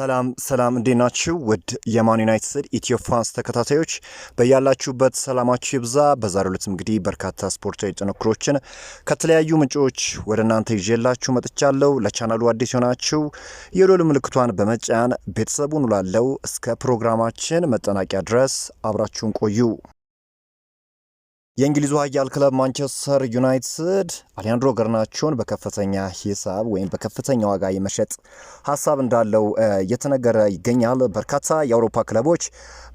ሰላም ሰላም እንዴት ናችሁ? ውድ የማን ዩናይትድ ኢትዮ ፋንስ ተከታታዮች በያላችሁበት ሰላማችሁ ይብዛ። በዛሬው ዕለት እንግዲህ በርካታ ስፖርታዊ ጥንክሮችን ከተለያዩ ምንጮች ወደ እናንተ ይዤላችሁ መጥቻለሁ። ለቻናሉ አዲስ የሆናችሁ የሎል ምልክቷን በመጫን ቤተሰቡን ላለው እስከ ፕሮግራማችን መጠናቂያ ድረስ አብራችሁን ቆዩ። የእንግሊዙ ኃያል ክለብ ማንቸስተር ዩናይትድ አሊያንድሮ ገርናቾን በከፍተኛ ሂሳብ ወይም በከፍተኛ ዋጋ የመሸጥ ሀሳብ እንዳለው እየተነገረ ይገኛል። በርካታ የአውሮፓ ክለቦች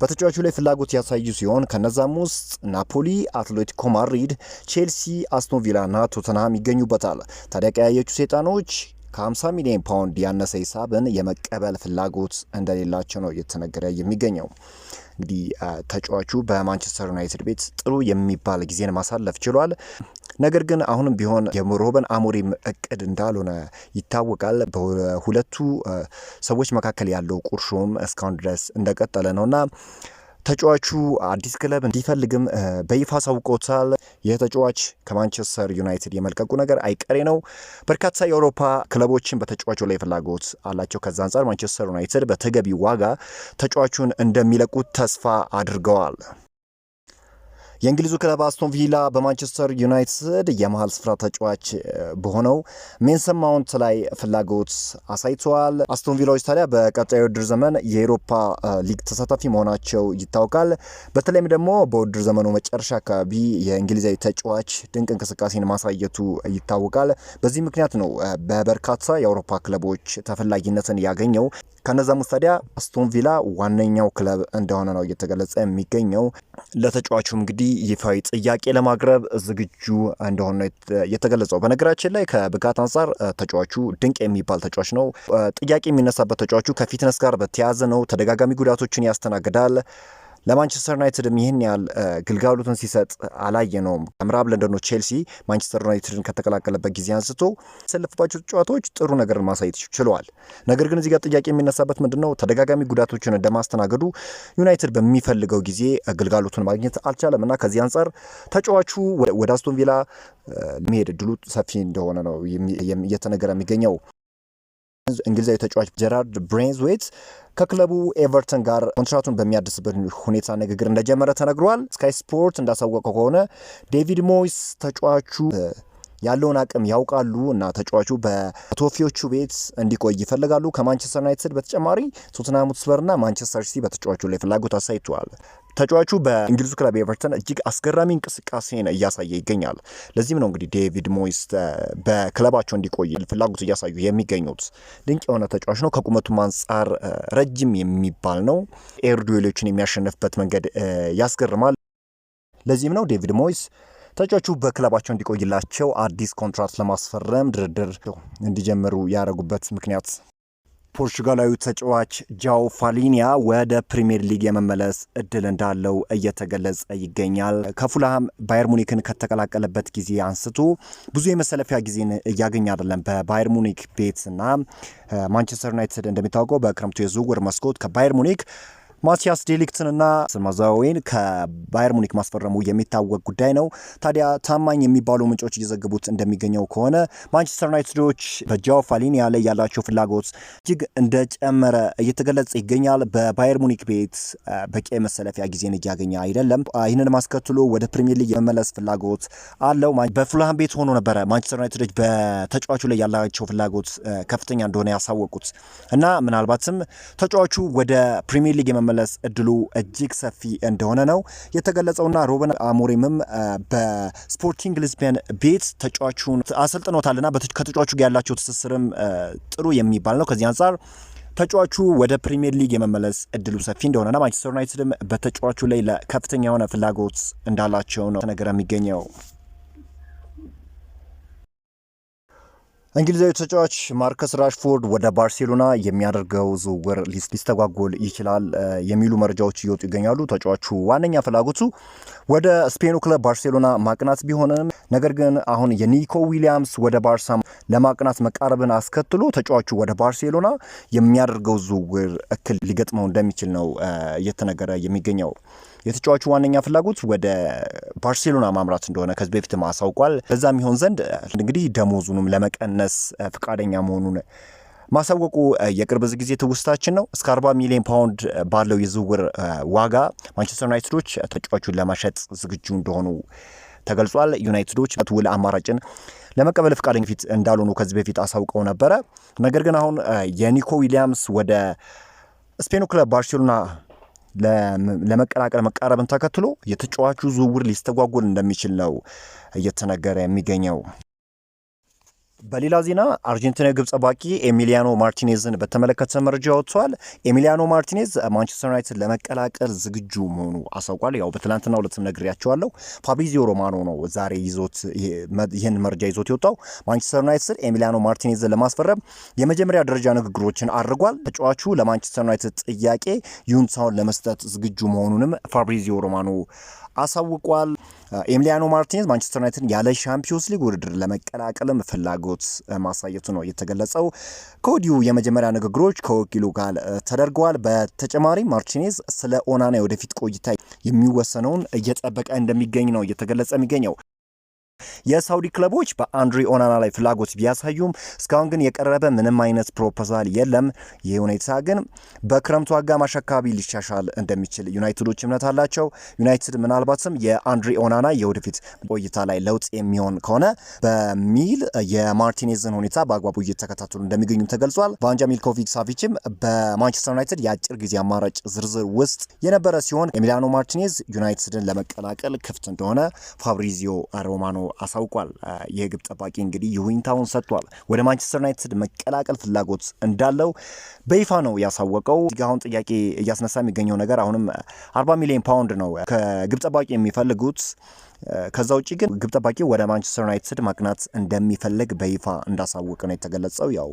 በተጫዋቹ ላይ ፍላጎት ያሳዩ ሲሆን ከነዛም ውስጥ ናፖሊ፣ አትሌቲኮ ማድሪድ፣ ቼልሲ፣ አስቶንቪላ ና ቶተንሃም ይገኙበታል። ታዲያ ቀያየቹ ሰይጣኖች ከ50 ሚሊዮን ፓውንድ ያነሰ ሂሳብን የመቀበል ፍላጎት እንደሌላቸው ነው እየተነገረ የሚገኘው። እንግዲህ ተጫዋቹ በማንቸስተር ዩናይትድ ቤት ጥሩ የሚባል ጊዜን ማሳለፍ ችሏል። ነገር ግን አሁንም ቢሆን የሮበን አሞሪም እቅድ እንዳልሆነ ይታወቃል። በሁለቱ ሰዎች መካከል ያለው ቁርሾም እስካሁን ድረስ እንደቀጠለ ነውና ተጫዋቹ አዲስ ክለብ እንዲፈልግም በይፋ አሳውቆታል። ይህ ተጫዋች ከማንቸስተር ዩናይትድ የመልቀቁ ነገር አይቀሬ ነው። በርካታ የአውሮፓ ክለቦችን በተጫዋቹ ላይ ፍላጎት አላቸው። ከዛ አንጻር ማንቸስተር ዩናይትድ በተገቢ ዋጋ ተጫዋቹን እንደሚለቁት ተስፋ አድርገዋል። የእንግሊዙ ክለብ አስቶን ቪላ በማንቸስተር ዩናይትድ የመሀል ስፍራ ተጫዋች በሆነው ሜንሰን ማውንት ላይ ፍላጎት አሳይተዋል። አስቶን ቪላዎች ታዲያ በቀጣዩ ውድድር ዘመን የኤሮፓ ሊግ ተሳታፊ መሆናቸው ይታወቃል። በተለይም ደግሞ በውድድር ዘመኑ መጨረሻ አካባቢ የእንግሊዛዊ ተጫዋች ድንቅ እንቅስቃሴን ማሳየቱ ይታወቃል። በዚህ ምክንያት ነው በበርካታ የአውሮፓ ክለቦች ተፈላጊነትን ያገኘው። ከነዛም ውስጥ ታዲያ አስቶን ቪላ ዋነኛው ክለብ እንደሆነ ነው እየተገለጸ የሚገኘው። ለተጫዋቹም እንግዲህ ይፋዊ ጥያቄ ለማቅረብ ዝግጁ እንደሆነ ነው የተገለጸው። በነገራችን ላይ ከብቃት አንጻር ተጫዋቹ ድንቅ የሚባል ተጫዋች ነው። ጥያቄ የሚነሳበት ተጫዋቹ ከፊትነስ ጋር በተያያዘ ነው። ተደጋጋሚ ጉዳቶችን ያስተናግዳል። ለማንቸስተር ዩናይትድም ይህን ያህል ግልጋሎትን ሲሰጥ አላየነውም። ምዕራብ ለንደኑ ቼልሲ ማንቸስተር ዩናይትድን ከተቀላቀለበት ጊዜ አንስቶ ያሰለፈባቸው ጨዋታዎች ጥሩ ነገርን ማሳየት ችለዋል። ነገር ግን እዚህ ጋር ጥያቄ የሚነሳበት ምንድነው ተደጋጋሚ ጉዳቶችን እንደማስተናገዱ ዩናይትድ በሚፈልገው ጊዜ ግልጋሎቱን ማግኘት አልቻለም እና ከዚህ አንጻር ተጫዋቹ ወደ አስቶን ቪላ መሄድ እድሉ ሰፊ እንደሆነ ነው እየተነገረ የሚገኘው። እንግሊዛዊ ተጫዋች ጀራርድ ብሬንዝዌት ከክለቡ ኤቨርተን ጋር ኮንትራቱን በሚያድስበት ሁኔታ ንግግር እንደጀመረ ተነግሯል። ስካይ ስፖርት እንዳሳወቀው ከሆነ ዴቪድ ሞይስ ተጫዋቹ ያለውን አቅም ያውቃሉ እና ተጫዋቹ በቶፊዎቹ ቤት እንዲቆይ ይፈልጋሉ። ከማንቸስተር ዩናይትድ በተጨማሪ ቶትናም ሆትስፐርና ማንቸስተር ሲቲ በተጫዋቹ ላይ ፍላጎት አሳይተዋል። ተጫዋቹ በእንግሊዙ ክለብ ኤቨርተን እጅግ አስገራሚ እንቅስቃሴን እያሳየ ይገኛል። ለዚህም ነው እንግዲህ ዴቪድ ሞይስ በክለባቸው እንዲቆይ ፍላጎት እያሳዩ የሚገኙት። ድንቅ የሆነ ተጫዋች ነው። ከቁመቱም አንጻር ረጅም የሚባል ነው። ኤር ዱዌሎችን የሚያሸንፍበት መንገድ ያስገርማል። ለዚህም ነው ዴቪድ ሞይስ ተጫዋቹ በክለባቸው እንዲቆይላቸው አዲስ ኮንትራት ለማስፈረም ድርድር እንዲጀምሩ ያደረጉበት ምክንያት ፖርቹጋላዊ ተጫዋች ጃው ፋሊኒያ ወደ ፕሪምየር ሊግ የመመለስ እድል እንዳለው እየተገለጸ ይገኛል። ከፉልሃም ባየር ሙኒክን ከተቀላቀለበት ጊዜ አንስቶ ብዙ የመሰለፊያ ጊዜን እያገኘ አይደለም። በባየር ሙኒክ ቤት እና ማንቸስተር ዩናይትድ እንደሚታወቀው በክረምቱ የዝውውር መስኮት ከባየር ሙኒክ ማቲያስ ዴሊክትንና ማዛዌን ከባየር ሙኒክ ማስፈረሙ የሚታወቅ ጉዳይ ነው። ታዲያ ታማኝ የሚባሉ ምንጮች እየዘገቡት እንደሚገኘው ከሆነ ማንቸስተር ዩናይትዶች በጃው ፋሊኒያ ላይ ያላቸው ፍላጎት እጅግ እንደጨመረ እየተገለጸ ይገኛል። በባየር ሙኒክ ቤት በቂ መሰለፊያ ጊዜን እያገኘ አይደለም። ይህንን ማስከትሎ ወደ ፕሪሚየር ሊግ የመመለስ ፍላጎት አለው። በፉልሃም ቤት ሆኖ ነበረ ማንቸስተር ዩናይትዶች በተጫዋቹ ላይ ያላቸው ፍላጎት ከፍተኛ እንደሆነ ያሳወቁት እና ምናልባትም ተጫዋቹ ወደ ፕሪሚየር ሊግ የመመለስ የመመለስ እድሉ እጅግ ሰፊ እንደሆነ ነው የተገለጸውና ሮበን አሞሪምም በስፖርቲንግ ሊዝቢያን ቤት ተጫዋቹን አሰልጥኖታልና ከተጫዋቹ ጋር ያላቸው ትስስርም ጥሩ የሚባል ነው። ከዚህ አንጻር ተጫዋቹ ወደ ፕሪሚየር ሊግ የመመለስ እድሉ ሰፊ እንደሆነና ማንቸስተር ዩናይትድም በተጫዋቹ ላይ ለከፍተኛ የሆነ ፍላጎት እንዳላቸው ነው ተነገረ የሚገኘው። እንግሊዛዊ ተጫዋች ማርከስ ራሽፎርድ ወደ ባርሴሎና የሚያደርገው ዝውውር ሊስተጓጎል ይችላል የሚሉ መረጃዎች እየወጡ ይገኛሉ። ተጫዋቹ ዋነኛ ፍላጎቱ ወደ ስፔኑ ክለብ ባርሴሎና ማቅናት ቢሆንም ነገር ግን አሁን የኒኮ ዊሊያምስ ወደ ባርሳ ለማቅናት መቃረብን አስከትሎ ተጫዋቹ ወደ ባርሴሎና የሚያደርገው ዝውውር እክል ሊገጥመው እንደሚችል ነው እየተነገረ የሚገኘው። የተጫዋቹ ዋነኛ ፍላጎት ወደ ባርሴሎና ማምራት እንደሆነ ከዚህ በፊትም አሳውቋል። በዛም ይሆን ዘንድ እንግዲህ ደሞዙንም ለመቀነስ ፈቃደኛ መሆኑን ማሳወቁ የቅርብ ጊዜ ትውስታችን ነው። እስከ 40 ሚሊዮን ፓውንድ ባለው የዝውውር ዋጋ ማንቸስተር ዩናይትዶች ተጫዋቹን ለማሸጥ ዝግጁ እንደሆኑ ተገልጿል። ዩናይትዶች ውል አማራጭን ለመቀበል ፊት እንዳልሆኑ ከዚህ በፊት አሳውቀው ነበረ። ነገር ግን አሁን የኒኮ ዊሊያምስ ወደ ስፔኑ ክለብ ባርሴሎና ለመቀላቀል መቃረብን ተከትሎ የተጫዋቹ ዝውውር ሊስተጓጎል እንደሚችል ነው እየተነገረ የሚገኘው። በሌላ ዜና አርጀንቲና ግብፅ ጠባቂ ኤሚሊያኖ ማርቲኔዝን በተመለከተ መረጃ ወጥቷል። ኤሚሊያኖ ማርቲኔዝ ማንቸስተር ዩናይትድ ለመቀላቀል ዝግጁ መሆኑ አሳውቋል። ያው በትናንትናው ዕለትም ነግሬያቸዋለሁ። ፋብሪዚዮ ሮማኖ ነው ዛሬ ይዞት ይህን መረጃ ይዞት የወጣው። ማንቸስተር ዩናይትድ ኤሚሊያኖ ማርቲኔዝን ለማስፈረም የመጀመሪያ ደረጃ ንግግሮችን አድርጓል። ተጫዋቹ ለማንቸስተር ዩናይትድ ጥያቄ ዩንሳውን ለመስጠት ዝግጁ መሆኑንም ፋብሪዚዮ ሮማኖ አሳውቋል። ኤሚሊያኖ ማርቲኔዝ ማንቸስተር ዩናይትድን ያለ ሻምፒዮንስ ሊግ ውድድር ለመቀላቀልም ፍላጎት ማሳየቱ ነው የተገለጸው። ከወዲሁ የመጀመሪያ ንግግሮች ከወኪሉ ጋር ተደርገዋል። በተጨማሪ ማርቲኔዝ ስለ ኦናና የወደፊት ቆይታ የሚወሰነውን እየጠበቀ እንደሚገኝ ነው እየተገለጸ የሚገኘው። የሳውዲ ክለቦች በአንድሪ ኦናና ላይ ፍላጎት ቢያሳዩም እስካሁን ግን የቀረበ ምንም አይነት ፕሮፖዛል የለም። ይህ ሁኔታ ግን በክረምቱ አጋማሽ አካባቢ ሊሻሻል እንደሚችል ዩናይትዶች እምነት አላቸው። ዩናይትድ ምናልባትም የአንድሪ ኦናና የወደፊት ቆይታ ላይ ለውጥ የሚሆን ከሆነ በሚል የማርቲኔዝን ሁኔታ በአግባቡ እየተከታተሉ እንደሚገኙ ተገልጿል። ቫንጃ ሚልኮቪክ ሳቪችም በማንቸስተር ዩናይትድ የአጭር ጊዜ አማራጭ ዝርዝር ውስጥ የነበረ ሲሆን የሚላኖ ማርቲኔዝ ዩናይትድን ለመቀላቀል ክፍት እንደሆነ ፋብሪዚዮ ሮማኖ አሳውቋል። ይህ ግብ ጠባቂ እንግዲህ ይሁኝታውን ሰጥቷል። ወደ ማንቸስተር ዩናይትድ መቀላቀል ፍላጎት እንዳለው በይፋ ነው ያሳወቀው። እዚህ አሁን ጥያቄ እያስነሳ የሚገኘው ነገር አሁንም 40 ሚሊዮን ፓውንድ ነው ከግብ ጠባቂ የሚፈልጉት። ከዛ ውጭ ግን ግብ ጠባቂ ወደ ማንቸስተር ዩናይትድ ማቅናት እንደሚፈልግ በይፋ እንዳሳወቀ ነው የተገለጸው። ያው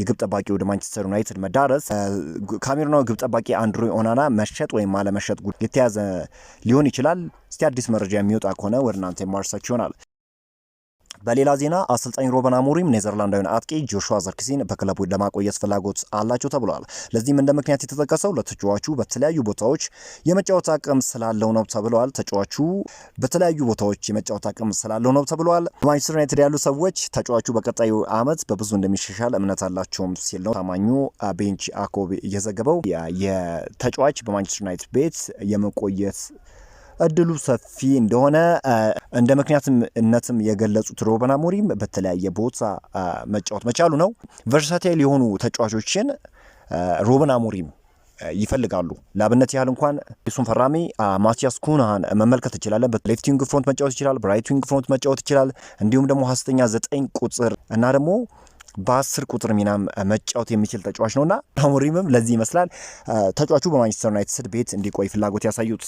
የግብ ጠባቂ ወደ ማንቸስተር ዩናይትድ መዳረስ ካሜሩናዊ ግብ ጠባቂ አንድሮ ኦናና መሸጥ ወይም አለመሸጥ የተያዘ ሊሆን ይችላል። እስቲ አዲስ መረጃ የሚወጣ ከሆነ ወደ እናንተ የማርሳችሁ ይሆናል። በሌላ ዜና አሰልጣኝ ሮበን አሞሪም ኔዘርላንዳዊን አጥቂ ጆሹዋ ዘርክሲን በክለቡ ለማቆየት ፍላጎት አላቸው ተብሏል። ለዚህም እንደ ምክንያት የተጠቀሰው ለተጫዋቹ በተለያዩ ቦታዎች የመጫወት አቅም ስላለው ነው ተብሏል። ተጫዋቹ በተለያዩ ቦታዎች የመጫወት አቅም ስላለው ነው ተብሏል። ማንቸስተር ዩናይትድ ያሉ ሰዎች ተጫዋቹ በቀጣዩ አመት በብዙ እንደሚሻሻል እምነት አላቸውም ሲል ነው ታማኙ ቤንች አኮብ እየዘገበው። የተጫዋች በማንቸስተር ዩናይትድ ቤት የመቆየት እድሉ ሰፊ እንደሆነ እንደ ምክንያትነትም የገለጹት ሮበን አሞሪም በተለያየ ቦታ መጫወት መቻሉ ነው። ቨርሳቴል የሆኑ ተጫዋቾችን ሮበን አሞሪም ይፈልጋሉ። ለአብነት ያህል እንኳን ሱን ፈራሚ፣ ማቲያስ ኩንሃን መመልከት እንችላለን። በሌፍቲንግ ፍሮንት መጫወት ይችላል፣ በራይትዊንግ ፍሮንት መጫወት ይችላል። እንዲሁም ደግሞ ሀስተኛ ዘጠኝ ቁጥር እና ደግሞ በአስር ቁጥር ሚናም መጫወት የሚችል ተጫዋች ነውና አሞሪምም ለዚህ ይመስላል ተጫዋቹ በማንቸስተር ዩናይትድ ቤት እንዲቆይ ፍላጎት ያሳዩት።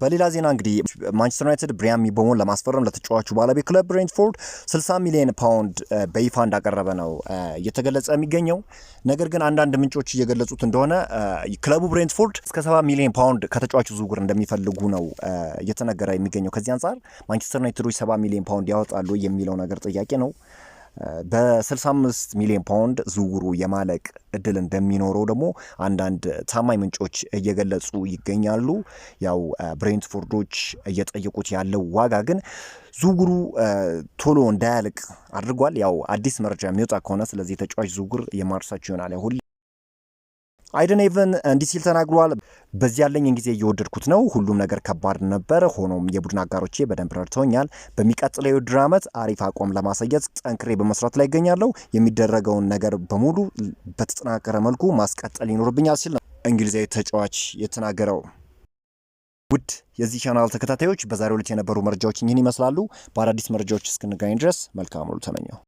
በሌላ ዜና እንግዲህ ማንቸስተር ዩናይትድ ብሪያን ሚቦሞን ለማስፈረም ለተጫዋቹ ባለቤት ክለብ ብሬንትፎርድ 60 ሚሊዮን ፓውንድ በይፋ እንዳቀረበ ነው እየተገለጸ የሚገኘው። ነገር ግን አንዳንድ ምንጮች እየገለጹት እንደሆነ ክለቡ ብሬንትፎርድ እስከ 70 ሚሊዮን ፓውንድ ከተጫዋቹ ዝውውር እንደሚፈልጉ ነው እየተነገረ የሚገኘው። ከዚህ አንጻር ማንቸስተር ዩናይትዶች 70 ሚሊዮን ፓውንድ ያወጣሉ የሚለው ነገር ጥያቄ ነው። በ65 ሚሊዮን ፓውንድ ዝውውሩ የማለቅ እድል እንደሚኖረው ደግሞ አንዳንድ ታማኝ ምንጮች እየገለጹ ይገኛሉ። ያው ብሬንትፎርዶች እየጠየቁት ያለው ዋጋ ግን ዝውውሩ ቶሎ እንዳያልቅ አድርጓል። ያው አዲስ መረጃ የሚወጣ ከሆነ ስለዚህ ተጫዋች ዝውውር የማርሳቸው ይሆናል። አይደን ኤቨን እንዲህ ሲል ተናግሯል። በዚህ ያለኝን ጊዜ እየወደድኩት ነው። ሁሉም ነገር ከባድ ነበር። ሆኖም የቡድን አጋሮቼ በደንብ ረድተውኛል። በሚቀጥለው የውድድር ዓመት አሪፍ አቋም ለማሳየት ጠንክሬ በመስራት ላይ ይገኛለሁ። የሚደረገውን ነገር በሙሉ በተጠናከረ መልኩ ማስቀጠል ይኖርብኛል ሲል ነው እንግሊዛዊ ተጫዋች የተናገረው። ውድ የዚህ ቻናል ተከታታዮች በዛሬው ዕለት የነበሩ መረጃዎች ይህን ይመስላሉ። በአዳዲስ መረጃዎች እስክንገናኝ ድረስ መልካም ሉ ተመኘው።